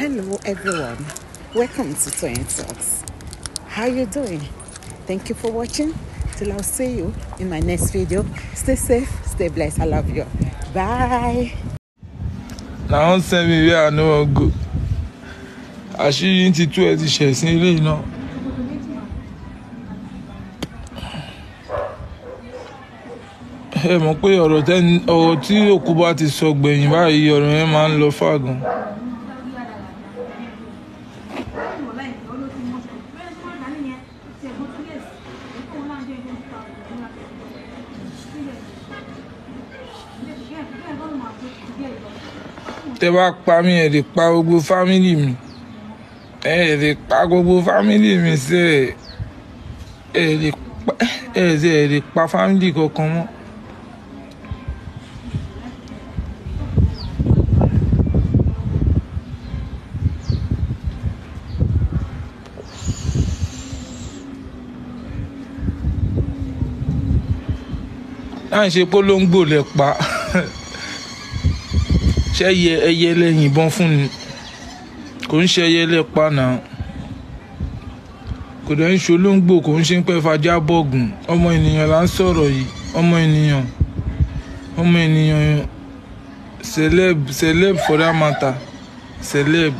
Hello everyone. Welcome to Toyeen Talks. How you doing? Thank you for watching. Till I'll see you in my next video. Stay safe, stay blessed. I love you. Bye. Now send me where I know go. Àṣírí ti tú ẹ ti ṣẹ̀ sí ilé Ẹ mọ̀ pé ọ̀rọ̀ tí òkú bá ti sọ gbẹ̀yìn báyìí ọ̀rọ̀ yẹn máa ń lọ fàgùn. tẹ́ bá pa mí ẹ̀ lè pa gbogbo fámìlì mi ẹ̀ lè pa gbogbo fámìlì mi sẹ́ ẹ̀ lè pa ẹ̀ sẹ́ ẹ̀ lè pa fámìlì kankan mọ́. láì ṣe polongo lè pa. ṣe ẹyẹ ẹyẹlé yìnbọn fún ni kò ń ṣe ẹyẹlé paná kò dẹ̀ ń ṣolóńgbò kò ń ṣe ń pẹ́ fajá bọ̀gùn ọmọ ènìyàn là ń sọ̀rọ̀ yìí ọmọ ènìyàn ọmọ ènìyàn celeb celeb for that matter celeb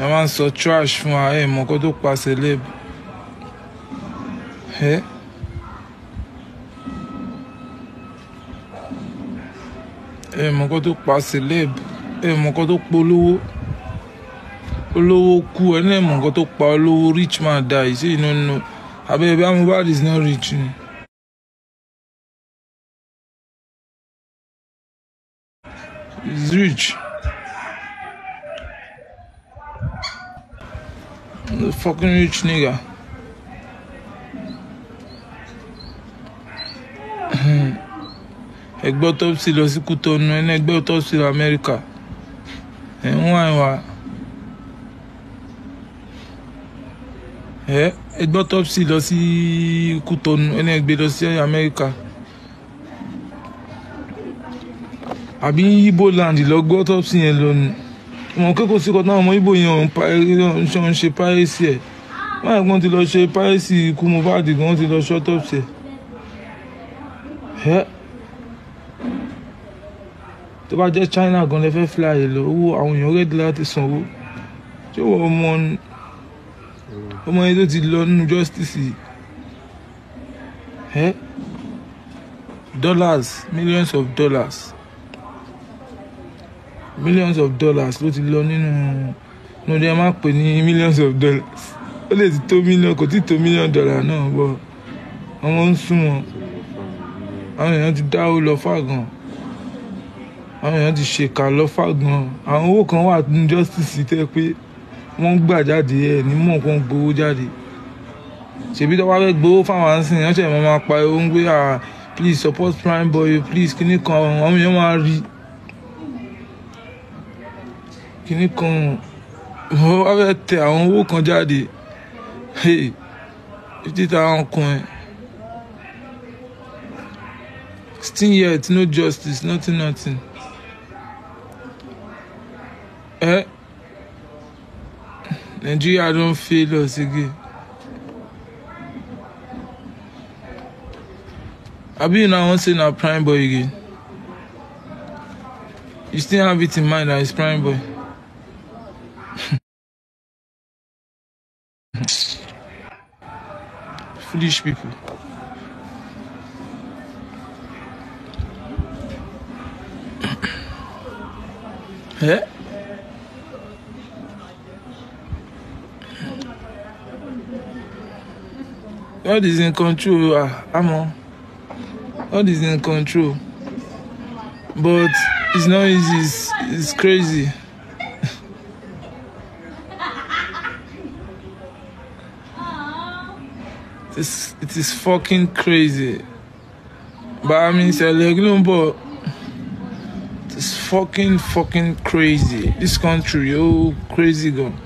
ẹ máa ń sọ trash fún tó pa celeb. èèmọ̀ kan tó pa celeb èèmọ̀ kan tó pa olówó olówó kú ẹ náà èèmọ̀ kan tó pa olówó rich man die sí inú nínú abẹ́rẹ́ bí Mohbad is not rich ni. rich. The fucking rich nigga. ẹgbẹ́ autopsy lọ sí Kútọ́nù ẹni ẹgbẹ́ autopsy lọ Amẹ́ríkà ẹ̀ ń wá ìwà ẹ̀ ẹgbẹ́ autopsy lọ sí Kútọ́nù ẹni ẹgbẹ́ lọ sí Amẹ́ríkà àbí Igbo land lọ́gbẹ́ autopsy yẹn lọ́nu wọn kẹ́kọ̀ọ́ sí kọ́tà ọmọ Igbo yẹn ń ṣe pàrẹ́sì ẹ̀ wọ́n ti lọ ṣe pàrẹ́sì ikú Mohbad gan ti lọ ṣọ́tọ̀ọ̀sì ẹ̀ tó bá jẹ́ China gan lẹ fẹ́ fly lọ owó àwọn èèyàn rẹ́dí láti sanwó ṣé wọ́n ọmọ ọmọ yẹn tó ti lọ nínú justice ẹ dollars millions of dollars millions of dollars ló ti lọ nínú no dem máa pè ní millions of dollars ó lè ti tó million kò tí tó million dollar náà bọ ọmọ ń sún wọn àwọn èèyàn ti dáwó lọ fáàgàn àwọn èèyàn ti ṣèkà lọ́fà gan àwọn owó kan wà ní justice tẹ́ pé wọ́n ń gbà jáde ẹ̀ ní mọ̀ kó ń gbowó jáde ṣèbí tó bá fẹ́ gbowó fáwọn àǹsìn yẹn ṣẹ̀ máa pa ewu ń gbé à please support prime boy please kíní kan àwọn èèyàn máa rí kíní kan wọ́n wá fẹ́ tẹ àwọn owó kan jáde fifty thousand coin sixteen years no justice nothing nothing. Eh, Nigeria don't fail us again. Abi una wan say na prime boy again? You still have it in mind that it's prime boy? Foolish people. eh? God is in control. Ah, Amon. God is in control. But it's not easy. It's, it's crazy. it's, it is fucking crazy. But I mean, it's a leglum, but it's fucking, fucking crazy. This country, oh, crazy gone.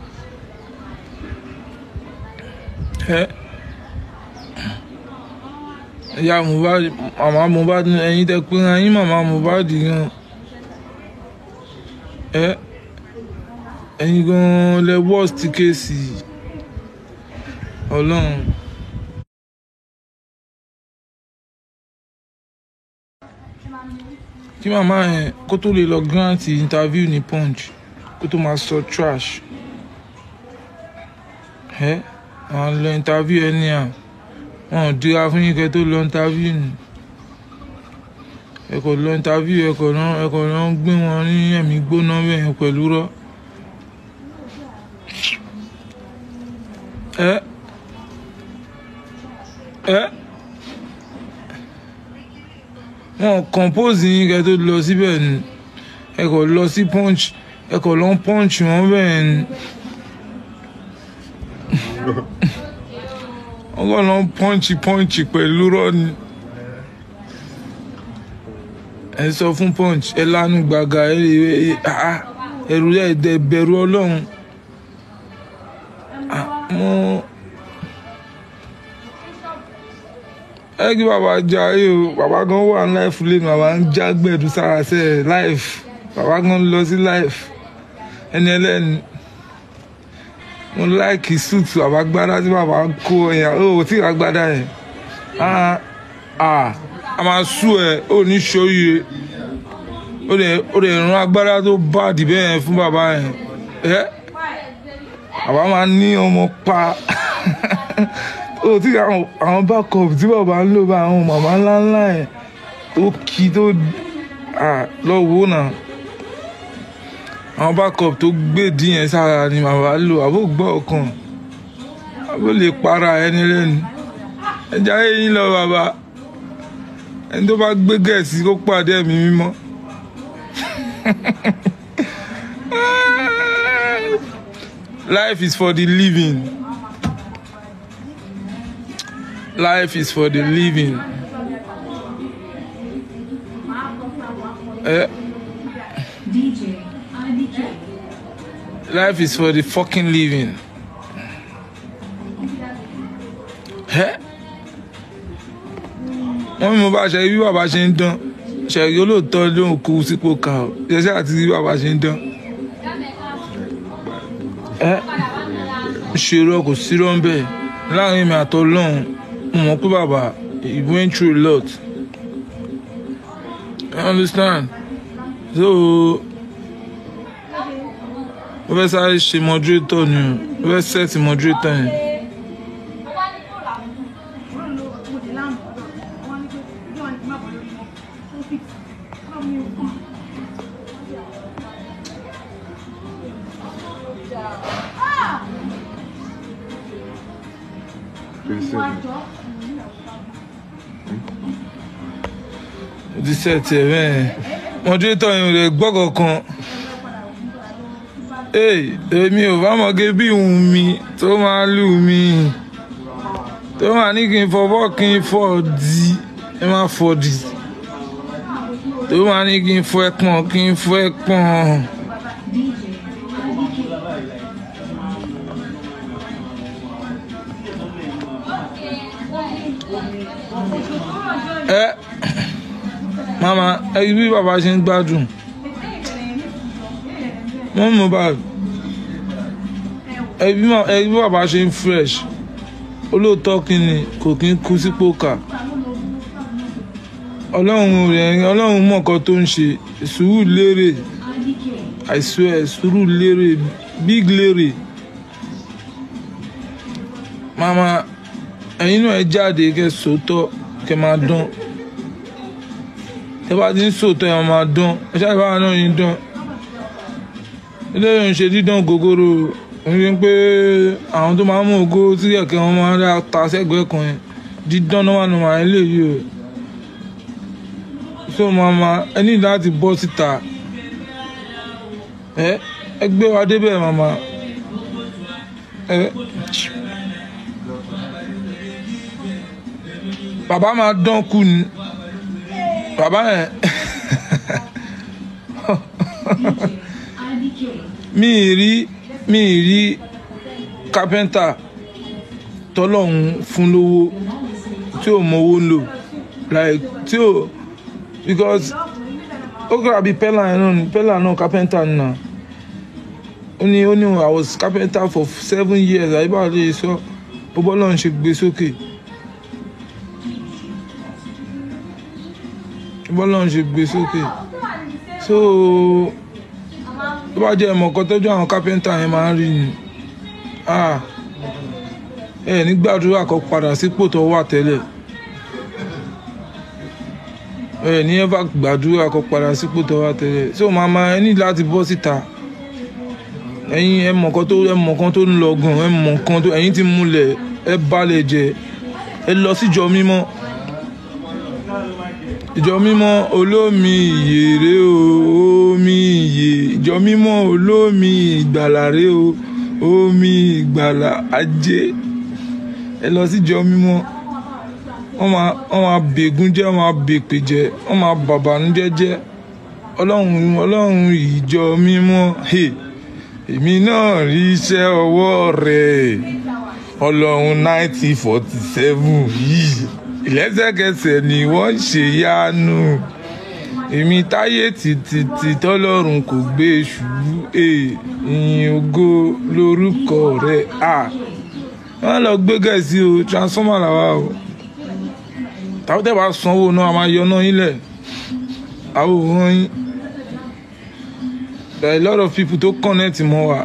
Yeah. ìyá Mohbad mama, Mohbad ẹ̀yin tẹ pé ra yín màmá Mohbad gan ẹ ẹ̀yin gan lẹ worst case Ọlọ́run. kí màmá yẹn kó tó lè lọ grant interview ní punch kó tó máa sọ trash ẹ àwọn lọ interview ẹ ní à wọn ò dira fún yín kẹ́ tó lọ interview ni ẹ kò lọ interview ẹ kò rán ẹ kò rán gbé wọn ní ẹ̀mí gbóná bẹ́ẹ̀ pẹ̀lú rọ́ ẹ ẹ wọn compose yín kẹ́ tó lọ síbẹ̀ ni ẹ lọ sí punch ẹ kò lọ punch wọn bẹ́ẹ̀ ni. wọ́n kàn lọ pọ́ǹchì pọ́ǹchì pẹ̀lú rọ́ọ̀nì ẹ sọ fún punch ẹ lanu gbàgà ẹrù ẹ dẹ bẹ̀rù Ọlọ́run mo ẹ kí bàbá jà yìí o bàbá gan wà ní láìfù lẹ́nu bàbá ń já gbẹ̀dú sára sẹ́ẹ̀ láìfù bàbá gan lọ sí láìfù ẹni ẹlẹ́ni mo láìkì súùtù àbágbádá tí bàbá kó ẹ̀yà ó ò tí àgbádá yẹn a máa sú ẹ ó ní sóyè ó lè rán agbádá tó bá dìbẹ́ yẹn fún bàbá yẹn ẹ àbá máa ní ọmọ pa ó oh, tí àwọn backup tí bàbá ń lò bá àwọn màmá ńláńlá yẹn tó kí tó lọ wò náà àwọn backup tó gbèdí yẹn sára ni màmá lò àbò gbọ́ ọkàn àbò lè para ẹni lẹ́nu ẹja eyín lọ bàbá ẹni tó bá gbé gẹ̀ẹ́sì kó pàdé ẹ̀mí mímọ́ life is for the living life is for the living. Eh? Life is for the fucking living. Ẹ́ wọ́n mímú bá ṣe bí bàbá ṣe ń dán ṣẹ̀rí olóòótọ́ ló ń kú sípò ká o ṣẹṣẹ́ àti bí bàbá ṣe ń dán. Ẹ ṣèrọ kò sírọ́ ń bẹ̀ láàrin mi àtọ́ lọ́hùn mọ̀ pé bàbá he went through a lot. You understand? So ó fẹ́ sáré ṣe moderator ni ó fẹ́ set moderator yẹn. ó ti set ẹ̀ bẹ́ẹ̀ moderator yẹn ò lè gbọ́kọ̀ kan èmi ò bá mọ̀gé bí ìhùn mi tó máa lù mí tó máa ní kí n fọwọ́ kí n fọ́ di ẹ má fọ́ di tó máa ní kí n fọ́ ẹpọ̀n kí n fọ́ ẹpọ̀n. ẹ mama ẹ bí bàbá ṣe ń gbádùn wọn mú báàgì ẹbí bàbá ṣe ń fresh olóòótọ́ kìíní kò kí ń kú sípò kà ọlọ́run rẹ̀ ọlọ́run mọ̀ nǹkan tó ń ṣe sùúrù lérè I swear sùúrù lérè big lérè mama ẹ̀yin náà ẹ jáde kẹ́ sòótọ́ kẹ́ máa dán tẹ́ bá ti ń sòótọ́ ẹ máa dán ẹ ṣáà ìbára náà yín dán ilé ìròyìn ṣe dídán gogoro ń pé àwọn tó máa ń mú ògo tí kẹ̀kẹ́ wọn máa ń dá ta sẹ́gbẹ̀ẹ́ kan yẹn dídán náà wà nùmọ̀ eléyìí o so màmá ẹ ní láti bọ́ síta ẹ ẹgbẹ́ wa débẹ̀ màmá ẹ bàbá máa dán kù ni bàbá yẹn mi ì rí mi ì rí kápẹ́ńtà tọ́lọ́hún fún lówó tí ò mọ owó ń lò like tí ò because ó kọ́ra bíi pẹ́là náà ni pẹ́là náà kápẹ́ńtà náà ó ní ó ní I was carpenter for seven years àyíbáwò lè sọ bó bọ́lá ń ṣe gbé sókè bọ́lá ń ṣe gbé sókè so tó bá jẹ́ ìmọ̀ kan tọ́jú àwọn kápẹ́ńtà yẹn máa ń rí ni ẹ ní gbàdúrà kó padà sípò tó wà tẹ́lẹ̀ ẹ ní ẹ̀fà gbàdúrà kó padà sípò tó wà tẹ́lẹ̀ so màmá ẹ ní láti bọ́ síta ẹ̀yin ẹ mọ̀ kan tó ẹ mọ̀ kan tó ń lọ gan ẹ mọ̀ kan tó ẹ̀yin ti múlẹ̀ ẹ balẹ̀ jẹ́ ẹ lọ síjọ mímọ́ ìjọ mímọ́ olómi ìyèrè o omi ìyè ìjọ mímọ́ olómi ìgbàlàre o omi ìgbàlà ajé ẹ lọ sí ìjọ mímọ́ wọ́n máa bègún jẹ́ wọ́n máa bèpè jẹ́ wọ́n máa bàbànújẹ́ jẹ́ ọlọ́run ọlọ́run ìjọ mímọ́ èmi náà rí iṣẹ́ ọwọ́ rẹ̀ ọlọ́run nineteen forty seven yìí lẹ́sẹ̀kẹsẹ̀ ni wọ́n ṣe yanu èmi táyé títí tọ́lọ́run kò gbé ṣubú ìyìn ògo lórúkọ rẹ̀ à wọ́n lọ gbé gẹ̀ẹ́sì o transformer làwa o tàbí bá sanwó náà a máa yọ náà yín àwòrán yín a lot of people tó connect mọ́ wa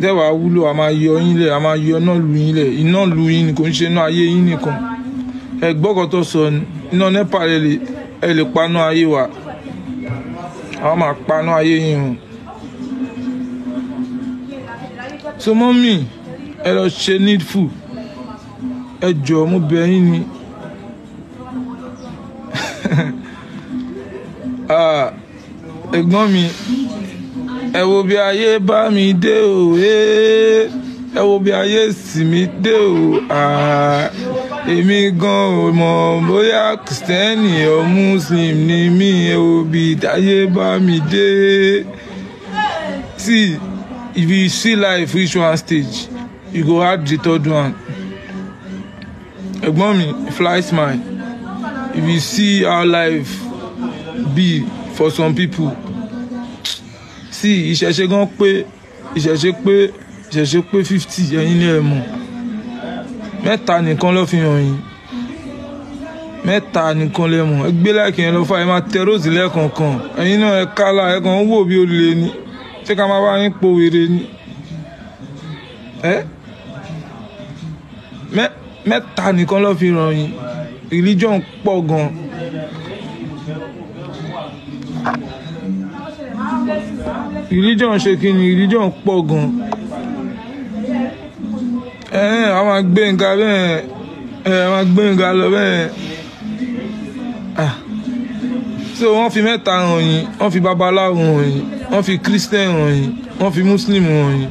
tẹ́ wúlò a máa yọ yín lẹ̀ a máa yọ náà lu yín lẹ̀ iná lu yín ni kò ń ṣe náà ayé yín nìkan ẹ gbọ́kọ̀ tó sọ iná nípa ẹ lè paná ayé wa àwọn máa paná ayé yìí hàn so mọ́mì ẹ lọ ṣe needful ẹ jọ̀ọ́ mo bẹ̀ yín ni ah, ẹ̀gbọ́n mi ẹ wo bí ayé bá mi dé o eh. ẹ wo bí ayé sì mi dé o. Ah èmi gan ò mọ̀ bóyá kìrìsìtẹ́nì ọ̀ muslim ni mí òbí táyé bá mi dé. see if you see life reach one stage you go add the third one. ẹ̀gbọ́n mi fly smile if you see how life be for some people see ìṣẹ̀ṣe gan pé ìṣẹ̀ṣe pé ìṣẹ̀ṣe pé fifty ẹ̀yin ni ẹ̀ mọ̀ mẹ́ta nìkan ló fi hàn yín mẹ́ta nìkan lè mọ̀ ẹ gbé láìkì yẹn lọ fà ẹ máa tẹ róòsì lẹ́ẹ̀kọ̀ọ̀kan ẹ̀yin náà ẹ kálá ẹ kàn ń wò bí olè ni ṣé ká máa bá yín po wèrè ni ẹ mẹ́ta nìkan ló fi hàn yín religion pọ̀ gan. religion ṣe kí ni religion pọ̀ gan ẹ̀hìn eh, a máa gbé nǹkan bẹ́ẹ̀ ẹ̀ eh, a máa gbé nǹkan lọ bẹ́ẹ̀ ah. so wọ́n fi mẹ́ta hàn yín wọ́n fi babaláwo hàn yín wọ́n fi christian hàn yín wọ́n fi muslim hàn yín.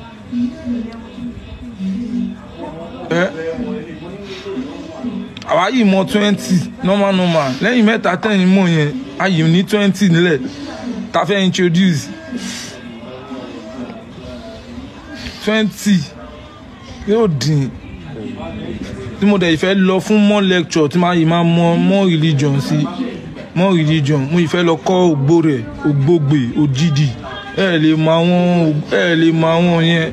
Eh? àwa yìí mọ twenty normal normal lẹ́yìn mẹ́ta tẹ̀yìn mọ̀ yẹn a yìí ní twenty nílẹ̀ tá fẹ́ introduce twenty yóò dín tí mo dẹ̀ ìfẹ́ lọ fún more lecture tí máa yìí máa mọ more religion sí more religion mo ìfẹ́ lọ kọ́ ògbó rẹ̀ ògbógbè òjìdì ẹ lè mọ àwọn ẹ lè mọ àwọn yẹn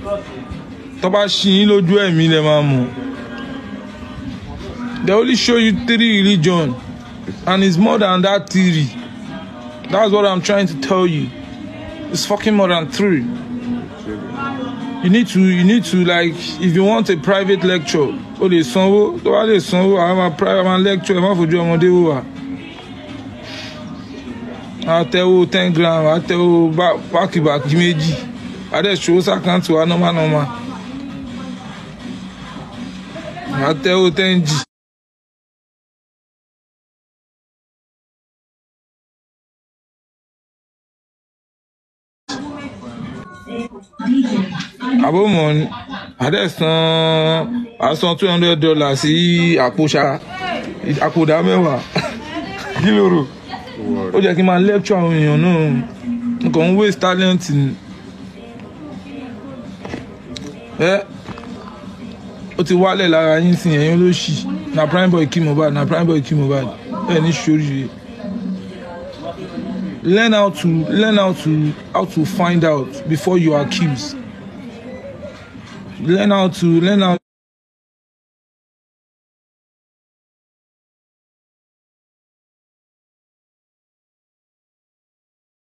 tó bá ṣí yín lójú ẹ̀mí lẹ máa mọ̀ they only show you three religion and it's more than that theory that's what I'm trying to tell you it's fucking more than three you need to you need to like if you want a private lecture o lè sanwó tó bá lè sanwó àwọn máa private máa lecture ẹ má fojú ọmọdé wò wá àtẹwò ten grand àtẹwò bákìbákì méjì àdẹ̀sowó sàkántì wa normal normal àtẹwò ten g. Abo àbọ̀mọ̀ àdẹ́sán àsán two hundred dollars sí àpò ṣá àpò ìdá mẹ́wàá kí ló rò ó jẹ́ kí n máa lecture àwọn èèyàn náà nǹkan ń waste talent ni. ẹ ó ti wálẹ̀ lára yín sí ẹ̀yin olóṣì na prime boy kí Mohbad na prime boy kí Mohbad ẹ ní sóríire learn how to learn how to how to find out before you accuse learn how to learn how